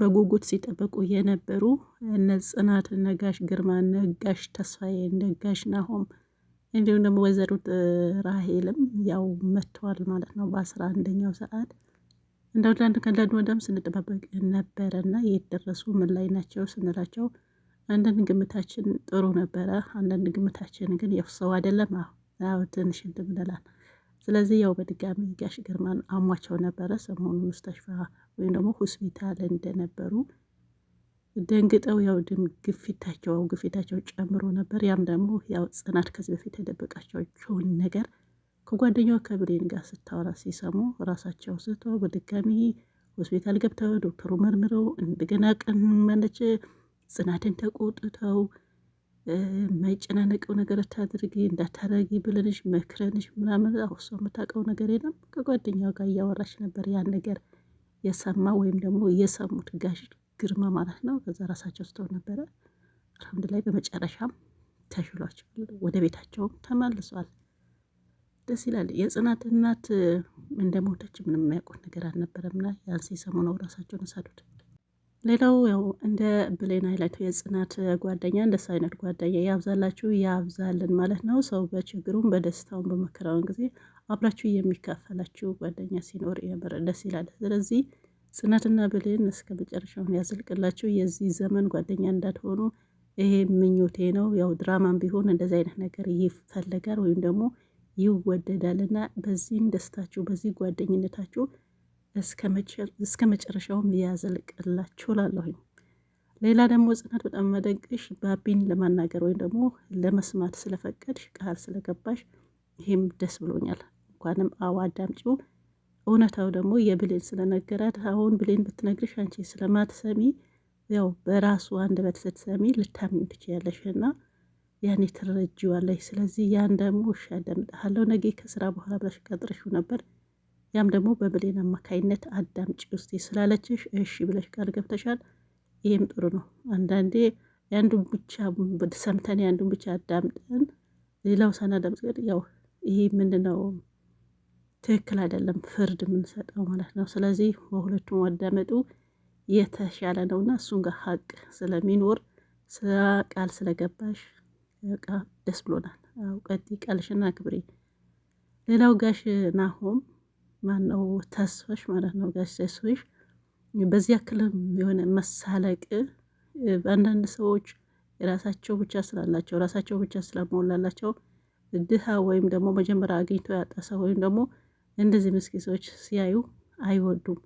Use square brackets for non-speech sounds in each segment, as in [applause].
በጉጉት ሲጠበቁ የነበሩ እነ ጽናት፣ ነጋሽ ግርማ፣ ነጋሽ ተስፋዬ፣ ነጋሽ ናሆም እንዲሁም ደግሞ ወይዘሮ ራሄልም ያው መጥተዋል ማለት ነው። በአስራ አንደኛው ሰዓት እንደ ወዳንድ ከዳድ ወደም ስንጠባበቅ ነበረ እና የት ደረሱ ምን ላይ ናቸው ስንላቸው አንዳንድ ግምታችን ጥሩ ነበረ፣ አንዳንድ ግምታችን ግን ያው ሰው አይደለም። አዎ ትንሽ እንትን ብለናል። ስለዚህ ያው በድጋሚ ጋሽ ግርማን አሟቸው ነበረ። ሰሞኑን ሙስተሽፋ ወይም ደግሞ ሆስፒታል እንደነበሩ ደንግጠው ያው ደም ግፊታቸው ግፊታቸው ጨምሮ ነበር። ያም ደግሞ ያው ጽናት ከዚህ በፊት የደበቃቸውን ነገር ከጓደኛዋ ከብሌን ጋር ስታወራ ሲሰሙ ራሳቸው ስቶ በድጋሚ ሆስፒታል ገብተው ዶክተሩ መርምረው እንደገና ቀን መለች ጽናትን ተቆጥተው የማይጨናነቀው ነገር ታድርጊ እንዳታረጊ ብለንሽ መክረንሽ ምናምን ሰው የምታውቀው ነገር የለም። ከጓደኛው ጋር እያወራች ነበር ያን ነገር የሰማ ወይም ደግሞ የሰሙት ጋሽ ግርማ ማለት ነው። ከዛ ራሳቸው ስተው ነበረ። ላይ በመጨረሻም ተሽሏቸው ወደ ቤታቸውም ተመልሷል። ደስ ይላል። የጽናት እናት እንደሞተች ምንም የሚያውቁት ነገር አልነበረምና ያንስ የሰሙ ነው ራሳቸውን ሳዱት። ሌላው ያው እንደ ብሌን አይለቱ የጽናት ጓደኛ እንደሱ አይነት ጓደኛ ያብዛላችሁ ያብዛልን ማለት ነው። ሰው በችግሩም በደስታውን በመከራውን ጊዜ አብራችሁ የሚካፈላችሁ ጓደኛ ሲኖር የምር ደስ ይላል። ስለዚህ ጽናትና ብሌን እስከ መጨረሻውን ያዘልቅላችሁ። የዚህ ዘመን ጓደኛ እንዳትሆኑ ይሄ ምኞቴ ነው። ያው ድራማም ቢሆን እንደዚህ አይነት ነገር ይፈለጋል ወይም ደግሞ ይወደዳልና በዚህም ደስታችሁ በዚህ ጓደኝነታችሁ እስከ መጨረሻውም ያዘልቅላችሁ ላለሁኝ። ሌላ ደግሞ ጽናት በጣም መደግሽ ባቢን ለማናገር ወይም ደግሞ ለመስማት ስለፈቀድሽ ቃል ስለገባሽ ይሄም ደስ ብሎኛል። እንኳንም አዋ አዳምጪው። እውነታው ደግሞ የብሌን ስለነገራት አሁን ብሌን ብትነግርሽ አንቺ ስለማትሰሚ ያው በራሱ አንድ በት ስትሰሚ ልታምኝ ትችያለሽ እና ያኔ ትረጅዋለሽ። ስለዚህ ያን ደግሞ እሺ አዳምጥሃለሁ ነገ ከስራ በኋላ ብለሽ ቀጥረሽው ነበር ያም ደግሞ በብሌን አማካይነት አዳምጪ ውስጥ ስላለችሽ እሺ ብለሽ ቃል ገብተሻል። ይህም ጥሩ ነው። አንዳንዴ የአንዱን ብቻ ሰምተን የአንዱን ብቻ አዳምጠን ሌላው ሳናዳምጥ ግን ያው ይሄ ምንድነው ትክክል አይደለም፣ ፍርድ የምንሰጠው ማለት ነው። ስለዚህ በሁለቱም አዳመጡ የተሻለ ነው እና እሱን ጋር ሀቅ ስለሚኖር ስራ ቃል ስለገባሽ ደስ ብሎናል። እውቀት ቃልሽና ክብሬ ሌላው ጋሽ ናሆም ማነው ተስፋሽ ማለት ነው ጋሽ ተስፋሽ በዚህ ያክልም የሆነ መሳለቅ አንዳንድ ሰዎች የራሳቸው ብቻ ስላላቸው ራሳቸው ብቻ ስለሞላላቸው ድሃ ወይም ደግሞ መጀመሪያ አግኝቶ ያጠሰ ወይም ደግሞ እንደዚህ ምስኪን ሰዎች ሲያዩ አይወዱም።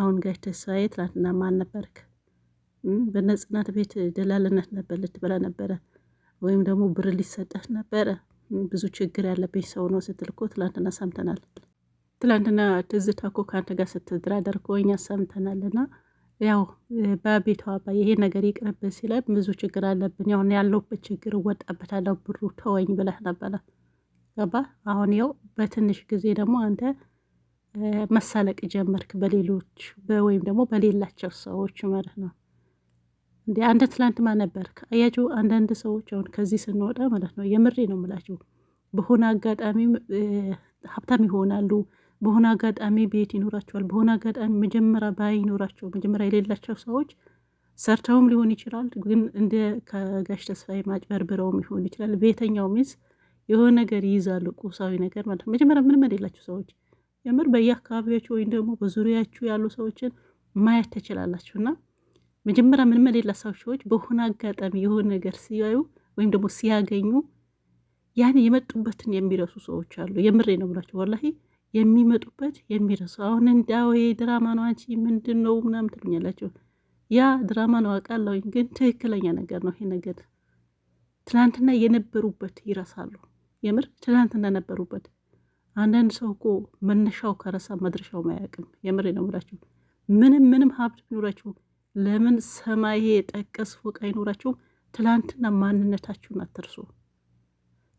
አሁን ጋሽ ተስፋዬ ትላንትና ማን ነበርክ? በነጽናት ቤት ደላልነት ነበር ልትበላ ነበረ፣ ወይም ደግሞ ብር ሊሰጠህ ነበረ። ብዙ ችግር ያለብኝ ሰው ነው ስትልኮ ትላንትና ሰምተናል። ትላንትና ትዝታ እኮ ከአንተ ጋር ስትደራደር እኮ እኛ ሰምተናልና ያው በቤቷ አባ ይሄ ነገር ይቅርብን ሲለን ብዙ ችግር አለብን፣ ያሁን ያለውበት ችግር እወጣበታለሁ ብሩ ተወኝ ብለህ ነበረ። ገባ አሁን ያው በትንሽ ጊዜ ደግሞ አንተ መሳለቅ ጀመርክ፣ በሌሎች ወይም ደግሞ በሌላቸው ሰዎች ማለት ነው። እንደ አንተ ትላንት ማ ነበርክ? አያችሁ አንዳንድ ሰዎች አሁን ከዚህ ስንወጣ ማለት ነው፣ የምሬ ነው የምላችሁ፣ በሆነ አጋጣሚ ሀብታም ይሆናሉ በሆነ አጋጣሚ ቤት ይኖራቸዋል። በሆነ አጋጣሚ መጀመሪያ ባይኖራቸው መጀመሪያ የሌላቸው ሰዎች ሰርተውም ሊሆን ይችላል። ግን እንደ ከጋሽ ተስፋዬ ማጭበርብረውም ሊሆን ይችላል። ቤተኛው ሚስ የሆነ ነገር ይይዛሉ፣ ቁሳዊ ነገር ማለት መጀመሪያ ምንም የሌላቸው ሰዎች የምር በየአካባቢያቸው ወይም ደግሞ በዙሪያችሁ ያሉ ሰዎችን ማየት ትችላላችሁ። እና መጀመሪያ ምንም የሌላቸው ሰዎች በሆነ አጋጣሚ የሆነ ነገር ሲያዩ ወይም ደግሞ ሲያገኙ ያን የመጡበትን የሚረሱ ሰዎች አሉ። የምሬ ነው ብላቸው ወላሄ የሚመጡበት የሚረሱ አሁን ወይ ድራማ ነው አንቺ ምንድን ነው ምናምን ትሉኛላችሁ። ያ ድራማ ነው አውቃለሁ፣ ግን ትክክለኛ ነገር ነው ይሄ ነገር። ትናንትና የነበሩበት ይረሳሉ። የምር ትናንትና ነበሩበት። አንዳንድ ሰው እኮ መነሻው ከረሳ መድረሻው አያውቅም። የምር ነው ብላችሁ ምንም ምንም ሀብት ቢኖራችሁ ለምን ሰማይ የጠቀስ ፎቅ አይኖራችሁም? ትናንትና ማንነታችሁን አትርሱ።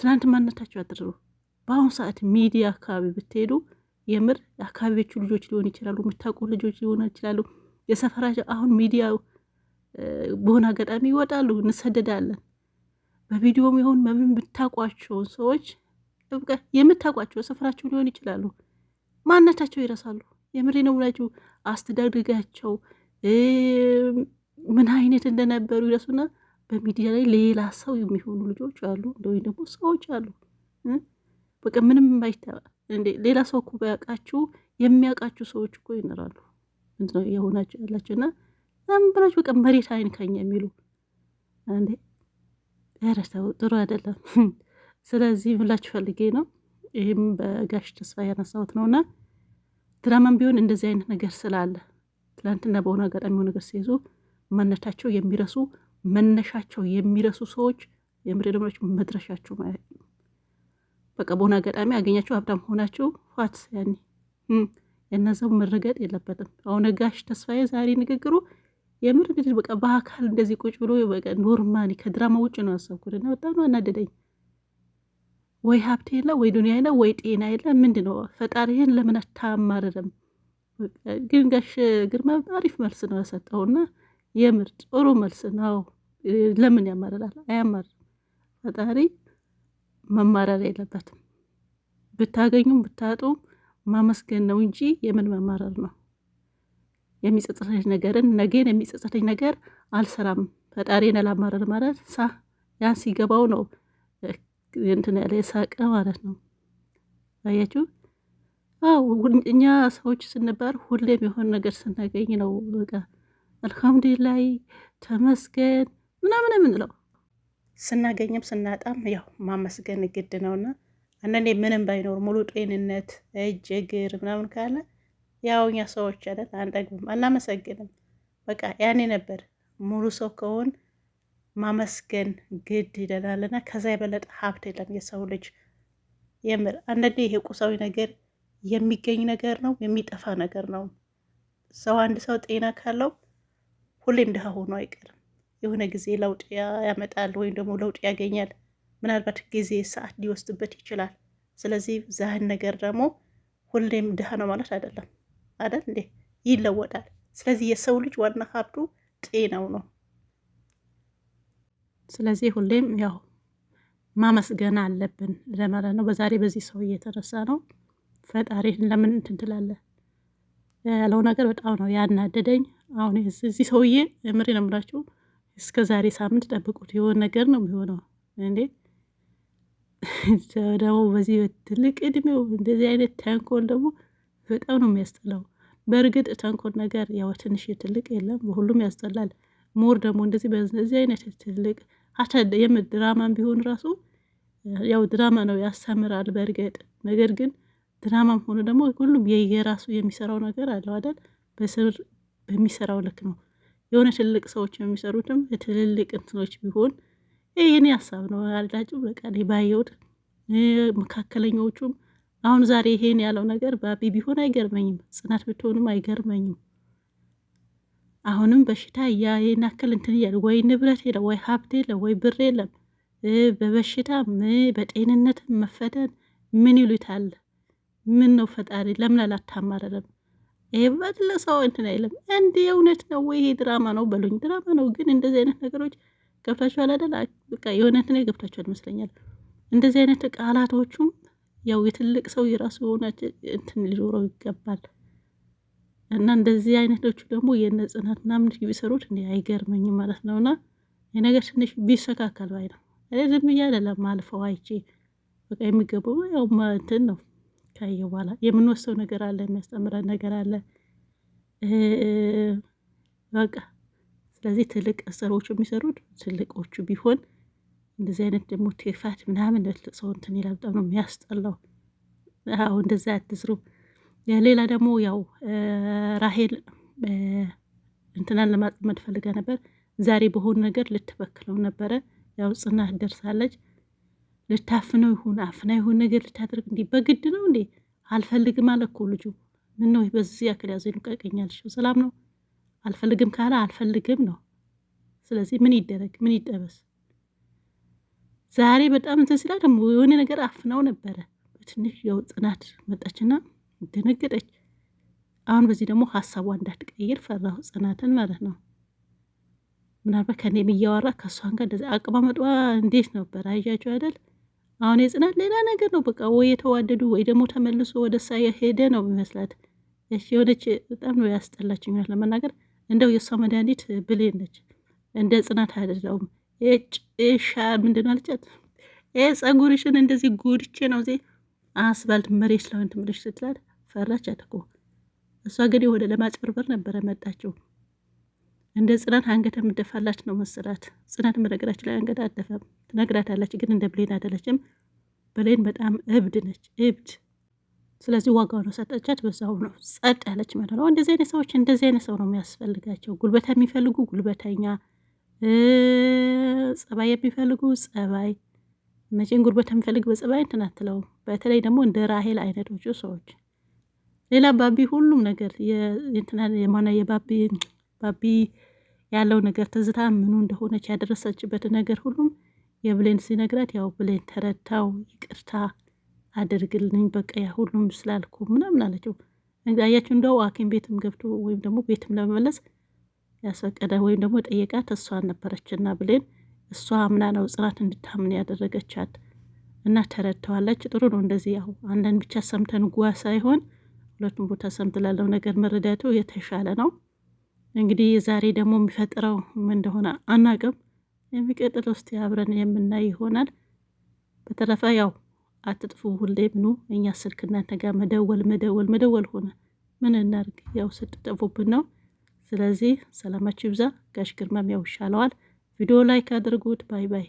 ትናንት ማንነታችሁ አትርሱ። በአሁኑ ሰዓት ሚዲያ አካባቢ ብትሄዱ የምር የአካባቢዎቹ ልጆች ሊሆን ይችላሉ፣ የምታውቁ ልጆች ሊሆን ይችላሉ። የሰፈራቸው አሁን ሚዲያ በሆነ አጋጣሚ ይወጣሉ፣ እንሰደዳለን። በቪዲዮም ይሁን መምን የምታውቋቸውን ሰዎች የምታውቋቸው ሰፈራቸው ሊሆን ይችላሉ፣ ማንነታቸው ይረሳሉ። የምሬ ነው ብላችሁ ምን አይነት እንደነበሩ ይረሱና በሚዲያ ላይ ሌላ ሰው የሚሆኑ ልጆች አሉ፣ እንደወይ ደግሞ ሰዎች አሉ። በቃ ምንም ባይታ ሌላ ሰው እኮ ባያውቃችሁ የሚያውቃችሁ ሰዎች እኮ ይኖራሉ። ምንድን ነው የሆናችሁ ያላችሁ እና ብላችሁ በቃ መሬት አይንካኝ የሚሉ እንዴ ያረሰው ጥሩ አይደለም። [laughs] ስለዚህ ብላችሁ ፈልጌ ነው ይህም በጋሽ ተስፋ ያነሳሁት ነውና ድራማም ቢሆን እንደዚህ አይነት ነገር ስላለ ትናንትና በሆነ አጋጣሚ ሆነ ነገር ሲይዙ መነታቸው የሚረሱ መነሻቸው የሚረሱ ሰዎች የምሬ ደሞች መድረሻቸው በቃ በሆነ አጋጣሚ አገኛችሁ ሀብታም ሆናችሁ ፋት ያኔ የነዛው መረገጥ የለበትም። አሁን ጋሽ ተስፋዬ ዛሬ ንግግሩ የምር እንግዲህ በቃ በአካል እንደዚህ ቁጭ ብሎ በቃ ኖርማሊ ከድራማ ውጭ ነው ያሰብኩት እና በጣም ነው አናደደኝ። ወይ ሀብት የለ ወይ ዱኒያ የለ ወይ ጤና የለ ምንድ ነው ፈጣሪህን ለምን አታማርርም? ግን ጋሽ ግርማ አሪፍ መልስ ነው ያሰጠውና የምር ጥሩ መልስ ነው። ለምን ያማርራል? አያማርርም። ፈጣሪ መማረር የለበትም። ብታገኙም ብታጡም ማመስገን ነው እንጂ የምን መማረር ነው? የሚጸጽተኝ ነገርን ነገን የሚጸጽተኝ ነገር አልሰራም ፈጣሪን አላማረር ማለት ሳ ያን ሲገባው ነው እንትን ያለ የሳቀ ማለት ነው። አያችሁ? አዎ እኛ ሰዎች ስንባል ሁሌም የሆን ነገር ስናገኝ ነው በቃ አልሐምዱሊላህ ተመስገን ምናምን የምንለው ስናገኝም ስናጣም ያው ማመስገን ግድ ነውና አንዳንዴ ምንም ባይኖር ሙሉ ጤንነት እጅ እግር ምናምን ካለ ያው እኛ ሰዎች አይደል አንጠግብም፣ አናመሰግንም። በቃ ያኔ ነበር ሙሉ ሰው ከሆን ማመስገን ግድ ይለናልና ከዛ የበለጠ ሀብት የለም የሰው ልጅ የምር። አንዳንዴ ይሄ ቁሳዊ ነገር የሚገኝ ነገር ነው፣ የሚጠፋ ነገር ነው። ሰው አንድ ሰው ጤና ካለው ሁሌም ድሃ ሆኖ አይቀርም። የሆነ ጊዜ ለውጥ ያመጣል ወይም ደግሞ ለውጥ ያገኛል። ምናልባት ጊዜ ሰዓት ሊወስድበት ይችላል። ስለዚህ ዛህን ነገር ደግሞ ሁሌም ድሃ ነው ማለት አይደለም አይደል እንዴ? ይለወጣል። ስለዚህ የሰው ልጅ ዋና ሀብቱ ጤናው ነው። ስለዚህ ሁሌም ያው ማመስገን አለብን ለማለት ነው። በዛሬ በዚህ ሰው እየተነሳ ነው ፈጣሪን ለምን እንትን ትላለህ ያለው ነገር በጣም ነው ያናደደኝ። አሁን እዚህ ሰውዬ ምሬ ነው የምላችሁ እስከ ዛሬ ሳምንት ጠብቁት፣ የሆነ ነገር ነው የሚሆነው። እንዴ ደግሞ በዚህ ትልቅ እድሜው እንደዚህ አይነት ተንኮል ደግሞ በጣም ነው የሚያስጠላው። በእርግጥ ተንኮል ነገር ያው ትንሽ ትልቅ የለም፣ በሁሉም ያስጠላል። ሞር ደግሞ እንደዚህ በዚህ አይነት ትልቅ ድራማም ቢሆን ራሱ ያው ድራማ ነው ያስተምራል። በእርግጥ ነገር ግን ድራማም ሆኖ ደግሞ ሁሉም የየራሱ የሚሰራው ነገር አለው አይደል? በስር በሚሰራው ልክ ነው የሆነ ትልቅ ሰዎች የሚሰሩትም ትልልቅ እንትኖች ቢሆን የኔ ሀሳብ ነው። አልዳጭ በቃ ባየሁት መካከለኛዎቹም አሁን ዛሬ ይሄን ያለው ነገር ባቢ ቢሆን አይገርመኝም፣ ጽናት ብትሆንም አይገርመኝም። አሁንም በሽታ ያ ይህን ያክል እንትን እያለ ወይ ንብረት የለም ወይ ሀብት የለም ወይ ብር የለም። በበሽታ በጤንነት መፈደን ምን ይሉታል? ምን ነው ፈጣሪ ለምን አላታማረለም? ይሄ እንትን አይልም። እንዴ እውነት ነው ወይ ይሄ ድራማ ነው በሉኝ። ድራማ ነው ግን እንደዚህ አይነት ነገሮች ገብታችኋል አይደል? በቃ የእውነት ነው ገብታችኋል ይመስለኛል። እንደዚህ አይነት ቃላቶቹም ያው የትልቅ ሰው የራሱ የሆነ እንትን ሊኖረው ይገባል። እና እንደዚህ አይነቶቹ ደግሞ የነ ጽናት ምናምን ቢሰሩት እንዲ አይገርመኝም ማለት ነው። እና የነገር ትንሽ ቢስተካከል ባይ ነው። ዝም ብዬ አይደለም አልፈው አይቼ በቃ የሚገባው ያው እንትን ነው ካየ በኋላ የምንወስደው ነገር አለ፣ የሚያስተምረን ነገር አለ። በቃ ስለዚህ ትልቅ ስራዎች የሚሰሩት ትልቆቹ ቢሆን እንደዚህ አይነት ደግሞ ቴፋት ምናምን ሰው እንትን ይላል። በጣም ነው የሚያስጠላው። አሁ እንደዛ አትስሩ። ሌላ ደግሞ ያው ራሄል እንትናን ለማጥመድ ፈልጋ ነበር። ዛሬ በሆኑ ነገር ልትበክለው ነበረ። ያው ጽናት ደርሳለች። ልታፍነው ይሁን አፍና ይሁን ነገር ልታደርግ እንዲ በግድ ነው እንዴ? አልፈልግም አለ እኮ ልጁ። ምን ነው በዚህ ያክል ያዘ ቀቀኛል። ሰላም ነው አልፈልግም ካለ አልፈልግም ነው። ስለዚህ ምን ይደረግ ምን ይጠበስ? ዛሬ በጣም እንትን ሲላ ደግሞ የሆነ ነገር አፍናው ነበረ። በትንሽ ያው ጽናት መጣችና ደነገጠች። አሁን በዚህ ደግሞ ሀሳቧ እንዳትቀይር ፈራሁ፣ ጽናትን ማለት ነው። ምናልባት ከእኔም እያወራ ከእሷን ጋር እንደዚ አቀማመጧ እንዴት ነበር አያቸው አይደል? አሁን የጽናት ሌላ ነገር ነው። በቃ ወይ የተዋደዱ ወይ ደግሞ ተመልሶ ወደ እሷ የሄደ ነው የሚመስላት። እሺ የሆነች በጣም ነው ያስጠላችኝ ለመናገር እንደው የእሷ መድኃኒት ብሌን ነች፣ እንደ ጽናት አይደለውም። ሻ ምንድን ነው አለቻት። ጸጉርሽን እንደዚህ ጉድቼ ነው ዜ አስባልት መሬት ስለሆን ትምልሽ ስትላል ፈራች አትኮ እሷ ግን ወደ ለማጭበርበር ነበረ መጣችው። እንደ ጽናት አንገት የምደፋላት ነው መሰላት። ጽናት መነገራችን ላይ አንገት አደፈም። ትነግራታለች፣ ግን እንደ ብሌን አይደለችም። ብሌን በጣም እብድ ነች፣ እብድ ስለዚህ ዋጋው ነው ሰጠቻት። በዛው ነው ጸጥ ያለች ማለት ነው። እንደዚህ አይነት ሰዎች እንደዚህ አይነት ሰው ነው የሚያስፈልጋቸው። ጉልበታ የሚፈልጉ ጉልበተኛ፣ ጸባይ የሚፈልጉ ጸባይ። መቼም ጉልበታ የሚፈልግ በጸባይ እንትን አትለውም። በተለይ ደግሞ እንደ ራሄል አይነቶቹ ሰዎች። ሌላ ባቢ፣ ሁሉም ነገር የማና የባቢ ባቢ ያለው ነገር ትዝታ ምኑ እንደሆነች ያደረሰችበት ነገር ሁሉም የብሌን ሲነግራት ያው ብሌን ተረታው ይቅርታ አድርግልኝ በቃ ያ ሁሉም ስላልኩ ምናምን አለችው። አያችሁ እንደው ሐኪም ቤትም ገብቶ ወይም ደግሞ ቤትም ለመመለስ ያስፈቀደ ወይም ደግሞ ጠየቃት እሷ ነበረች እና ብሌን እሷ አምና ነው ጽናት እንድታምን ያደረገቻት እና ተረድተዋለች። ጥሩ ነው እንደዚህ ያው አንዳንድ ብቻ ሰምተን ጓ ሳይሆን ሁለቱም ቦታ ሰምት ላለው ነገር መረዳቱ የተሻለ ነው። እንግዲህ ዛሬ ደግሞ የሚፈጥረው ምን እንደሆነ አናውቅም። የሚቀጥል ውስጥ አብረን የምናይ ይሆናል። በተረፈ ያው አትጥፉ፣ ሁሌ ኑ እኛ ስልክ እናንተ ጋር መደወል መደወል መደወል ሆነ። ምን እናርግ? ያው ስትጠፉብን ነው። ስለዚህ ሰላማችሁ ይብዛ። ጋሽ ግርማም ያው ይሻለዋል። ቪዲዮ ላይክ አድርጉት። ባይ ባይ።